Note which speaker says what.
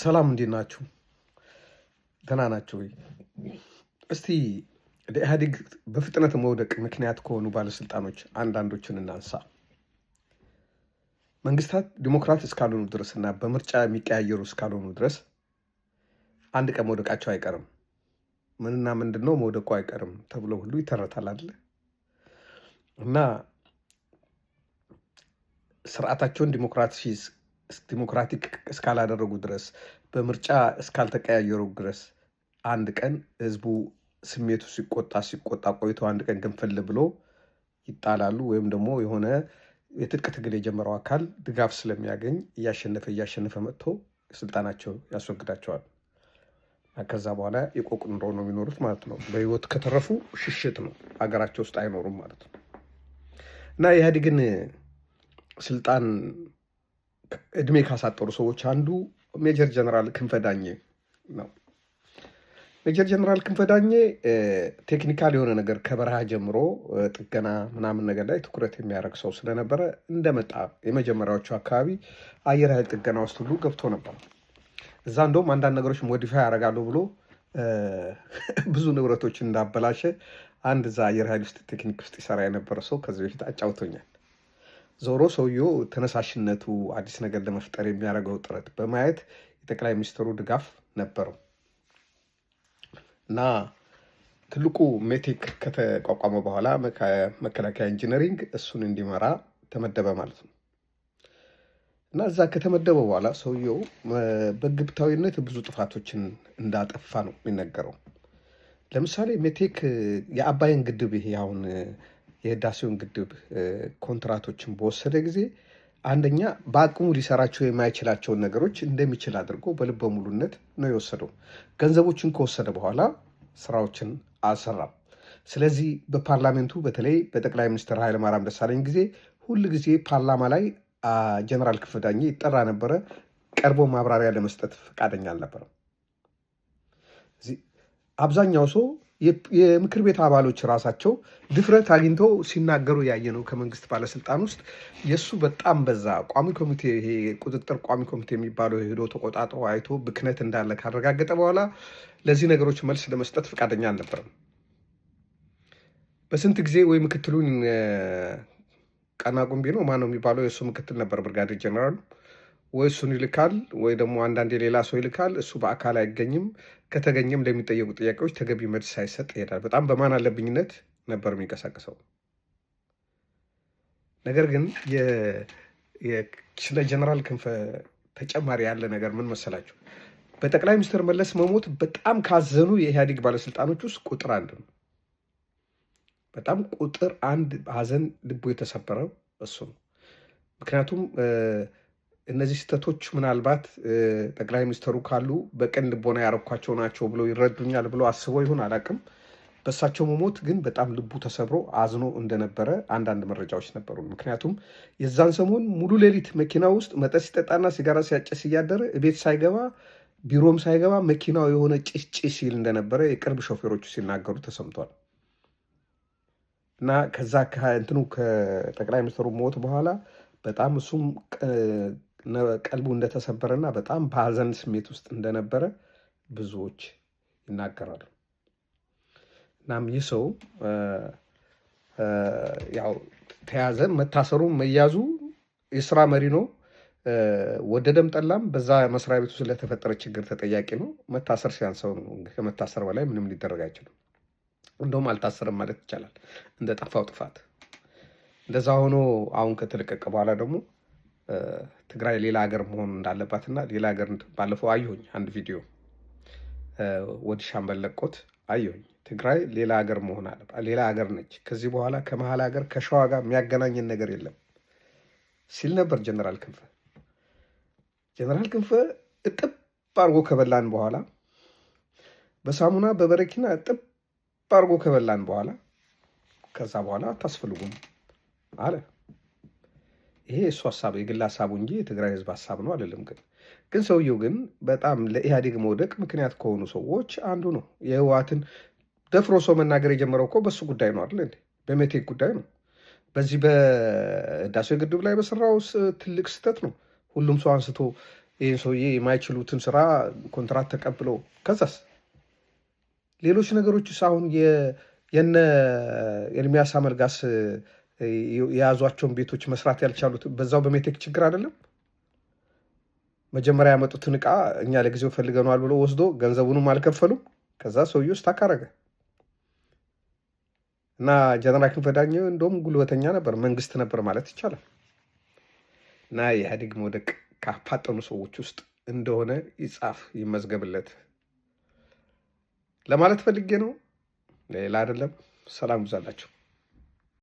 Speaker 1: ሰላም እንዴት ናችሁ? ደህና ናቸው ወይ? እስቲ ለኢህአዴግ በፍጥነት መውደቅ ምክንያት ከሆኑ ባለስልጣኖች አንዳንዶችን እናንሳ። መንግስታት ዲሞክራት እስካልሆኑ ድረስ እና በምርጫ የሚቀያየሩ እስካልሆኑ ድረስ አንድ ቀን መውደቃቸው አይቀርም። ምንና ምንድን ነው መውደቁ አይቀርም ተብሎ ሁሉ ይተረታል አለ እና ስርዓታቸውን ዲሞክራሲ ዲሞክራቲክ እስካላደረጉ ድረስ በምርጫ እስካልተቀያየሩ ድረስ አንድ ቀን ህዝቡ ስሜቱ ሲቆጣ ሲቆጣ ቆይቶ አንድ ቀን ግንፍል ብሎ ይጣላሉ ወይም ደግሞ የሆነ የትጥቅ ትግል የጀመረው አካል ድጋፍ ስለሚያገኝ እያሸነፈ እያሸነፈ መጥቶ ስልጣናቸው ያስወግዳቸዋል። ከዛ በኋላ የቆቅ ኑሮ ነው የሚኖሩት ማለት ነው። በህይወት ከተረፉ ሽሽት ነው፣ ሀገራቸው ውስጥ አይኖሩም ማለት ነው እና ኢህአዴግን ስልጣን እድሜ ካሳጠሩ ሰዎች አንዱ ሜጀር ጀነራል ክንፈ ዳኜ ነው። ሜጀር ጀነራል ክንፈ ዳኜ ቴክኒካል የሆነ ነገር ከበረሃ ጀምሮ ጥገና ምናምን ነገር ላይ ትኩረት የሚያደርግ ሰው ስለነበረ እንደመጣ የመጀመሪያዎቹ አካባቢ አየር ኃይል ጥገና ውስጥ ሁሉ ገብቶ ነበር። እዛ እንደውም አንዳንድ ነገሮች ሞዲፋይ ያደርጋሉ ብሎ ብዙ ንብረቶችን እንዳበላሸ አንድ እዛ አየር ኃይል ውስጥ ቴክኒክ ውስጥ ይሰራ የነበረ ሰው ከዚህ በፊት አጫውቶኛል። ዞሮ ሰውየው ተነሳሽነቱ አዲስ ነገር ለመፍጠር የሚያደርገው ጥረት በማየት የጠቅላይ ሚኒስትሩ ድጋፍ ነበረው እና ትልቁ ሜቴክ ከተቋቋመ በኋላ መከላከያ ኢንጂነሪንግ እሱን እንዲመራ ተመደበ ማለት ነው እና እዛ ከተመደበ በኋላ ሰውየው በግብታዊነት ብዙ ጥፋቶችን እንዳጠፋ ነው የሚነገረው። ለምሳሌ ሜቴክ የአባይን ግድብ ይሄ አሁን የህዳሴውን ግድብ ኮንትራቶችን በወሰደ ጊዜ አንደኛ በአቅሙ ሊሰራቸው የማይችላቸውን ነገሮች እንደሚችል አድርጎ በልበ ሙሉነት ነው የወሰደው። ገንዘቦችን ከወሰደ በኋላ ስራዎችን አልሰራም። ስለዚህ በፓርላሜንቱ በተለይ በጠቅላይ ሚኒስትር ኃይለማርያም ደሳለኝ ጊዜ ሁል ጊዜ ፓርላማ ላይ ጀነራል ክንፈ ዳኜ ይጠራ ነበረ። ቀርቦ ማብራሪያ ለመስጠት ፈቃደኛ አልነበረም። አብዛኛው ሰው የምክር ቤት አባሎች ራሳቸው ድፍረት አግኝተው ሲናገሩ ያየ ነው። ከመንግስት ባለስልጣን ውስጥ የእሱ በጣም በዛ። ቋሚ ኮሚቴ ይሄ ቁጥጥር ቋሚ ኮሚቴ የሚባለው ሄዶ ተቆጣጥሮ አይቶ ብክነት እንዳለ ካረጋገጠ በኋላ ለዚህ ነገሮች መልስ ለመስጠት ፈቃደኛ አልነበረም። በስንት ጊዜ ወይ ምክትሉን ቀናቁምቢ ነው ማነው የሚባለው የእሱ ምክትል ነበር ብርጋዴር ጀነራሉ ወይ እሱን ይልካል ወይ ደግሞ አንዳንድ የሌላ ሰው ይልካል። እሱ በአካል አይገኝም። ከተገኘም ለሚጠየቁ ጥያቄዎች ተገቢ መልስ ሳይሰጥ ይሄዳል። በጣም በማን አለብኝነት ነበር የሚንቀሳቀሰው። ነገር ግን ስለ ጀነራል ክንፈ ተጨማሪ ያለ ነገር ምን መሰላችሁ? በጠቅላይ ሚኒስትር መለስ መሞት በጣም ካዘኑ የኢህአዴግ ባለስልጣኖች ውስጥ ቁጥር አንድ ነው። በጣም ቁጥር አንድ ሀዘን ልቡ የተሰበረው እሱ ነው። ምክንያቱም እነዚህ ስህተቶች ምናልባት ጠቅላይ ሚኒስትሩ ካሉ በቀን ልቦና ያረኳቸው ናቸው ብለው ይረዱኛል ብለው አስበው ይሁን አላውቅም። በእሳቸው መሞት ግን በጣም ልቡ ተሰብሮ አዝኖ እንደነበረ አንዳንድ መረጃዎች ነበሩ። ምክንያቱም የዛን ሰሞን ሙሉ ሌሊት መኪና ውስጥ መጠጥ ሲጠጣና ሲጋራ ሲያጨስ እያደረ ቤት ሳይገባ ቢሮም ሳይገባ መኪናው የሆነ ጭስ ጭስ ሲል እንደነበረ የቅርብ ሾፌሮቹ ሲናገሩ ተሰምቷል። እና ከዛ እንትኑ ከጠቅላይ ሚኒስትሩ ሞት በኋላ በጣም እሱም ቀልቡ እንደተሰበረና በጣም በሀዘን ስሜት ውስጥ እንደነበረ ብዙዎች ይናገራሉ። እናም ይህ ሰው ያው ተያዘ። መታሰሩ መያዙ የስራ መሪ ነው። ወደደም ጠላም በዛ መስሪያ ቤቱ ስለተፈጠረ ችግር ተጠያቂ ነው። መታሰር ሲያንሰው ነው። ከመታሰር በላይ ምንም ሊደረግ አይችልም። እንደውም አልታሰርም ማለት ይቻላል እንደ ጠፋው ጥፋት። እንደዛ ሆኖ አሁን ከተለቀቀ በኋላ ደግሞ ትግራይ ሌላ ሀገር መሆን እንዳለባትና ሌላ ሀገር ባለፈው አየሁኝ አንድ ቪዲዮ ወዲህ ሻምበል ለቆት አየሁኝ። ትግራይ ሌላ ሀገር መሆን አለ ሌላ ሀገር ነች። ከዚህ በኋላ ከመሀል ሀገር ከሸዋ ጋር የሚያገናኝን ነገር የለም ሲል ነበር ጀነራል ክንፈ። ጀነራል ክንፈ እጥብ አድርጎ ከበላን በኋላ በሳሙና በበረኪና እጥብ አድርጎ ከበላን በኋላ ከዛ በኋላ አታስፈልጉም አለ። ይሄ እሱ ሀሳብ የግል ሀሳቡ እንጂ የትግራይ ህዝብ ሀሳብ ነው አይደለም። ግን ግን ሰውየው ግን በጣም ለኢህአዴግ መውደቅ ምክንያት ከሆኑ ሰዎች አንዱ ነው። የህወሓትን ደፍሮ ሰው መናገር የጀመረው እኮ በሱ ጉዳይ ነው አይደል በሜቴክ ጉዳይ ነው። በዚህ በህዳሴ ግድብ ላይ በሰራው ትልቅ ስህተት ነው። ሁሉም ሰው አንስቶ ይህን ሰውዬ የማይችሉትን ስራ ኮንትራት ተቀብለው ከዛስ ሌሎች ነገሮች አሁን የነ ኤርሚያስ አመልጋስ የያዟቸውን ቤቶች መስራት ያልቻሉት በዛው በሜቴክ ችግር አይደለም። መጀመሪያ ያመጡትን እቃ እኛ ለጊዜው ፈልገነዋል ብሎ ወስዶ ገንዘቡንም አልከፈሉም። ከዛ ሰውዬው ስታክ አረገ እና ጀነራል ክንፈ ዳኘው እንደውም ጉልበተኛ ነበር፣ መንግስት ነበር ማለት ይቻላል። እና የኢህአዴግ መውደቅ ካፋጠኑ ሰዎች ውስጥ እንደሆነ ይጻፍ ይመዝገብለት ለማለት ፈልጌ ነው፣ ሌላ አይደለም። ሰላም ብዛላቸው።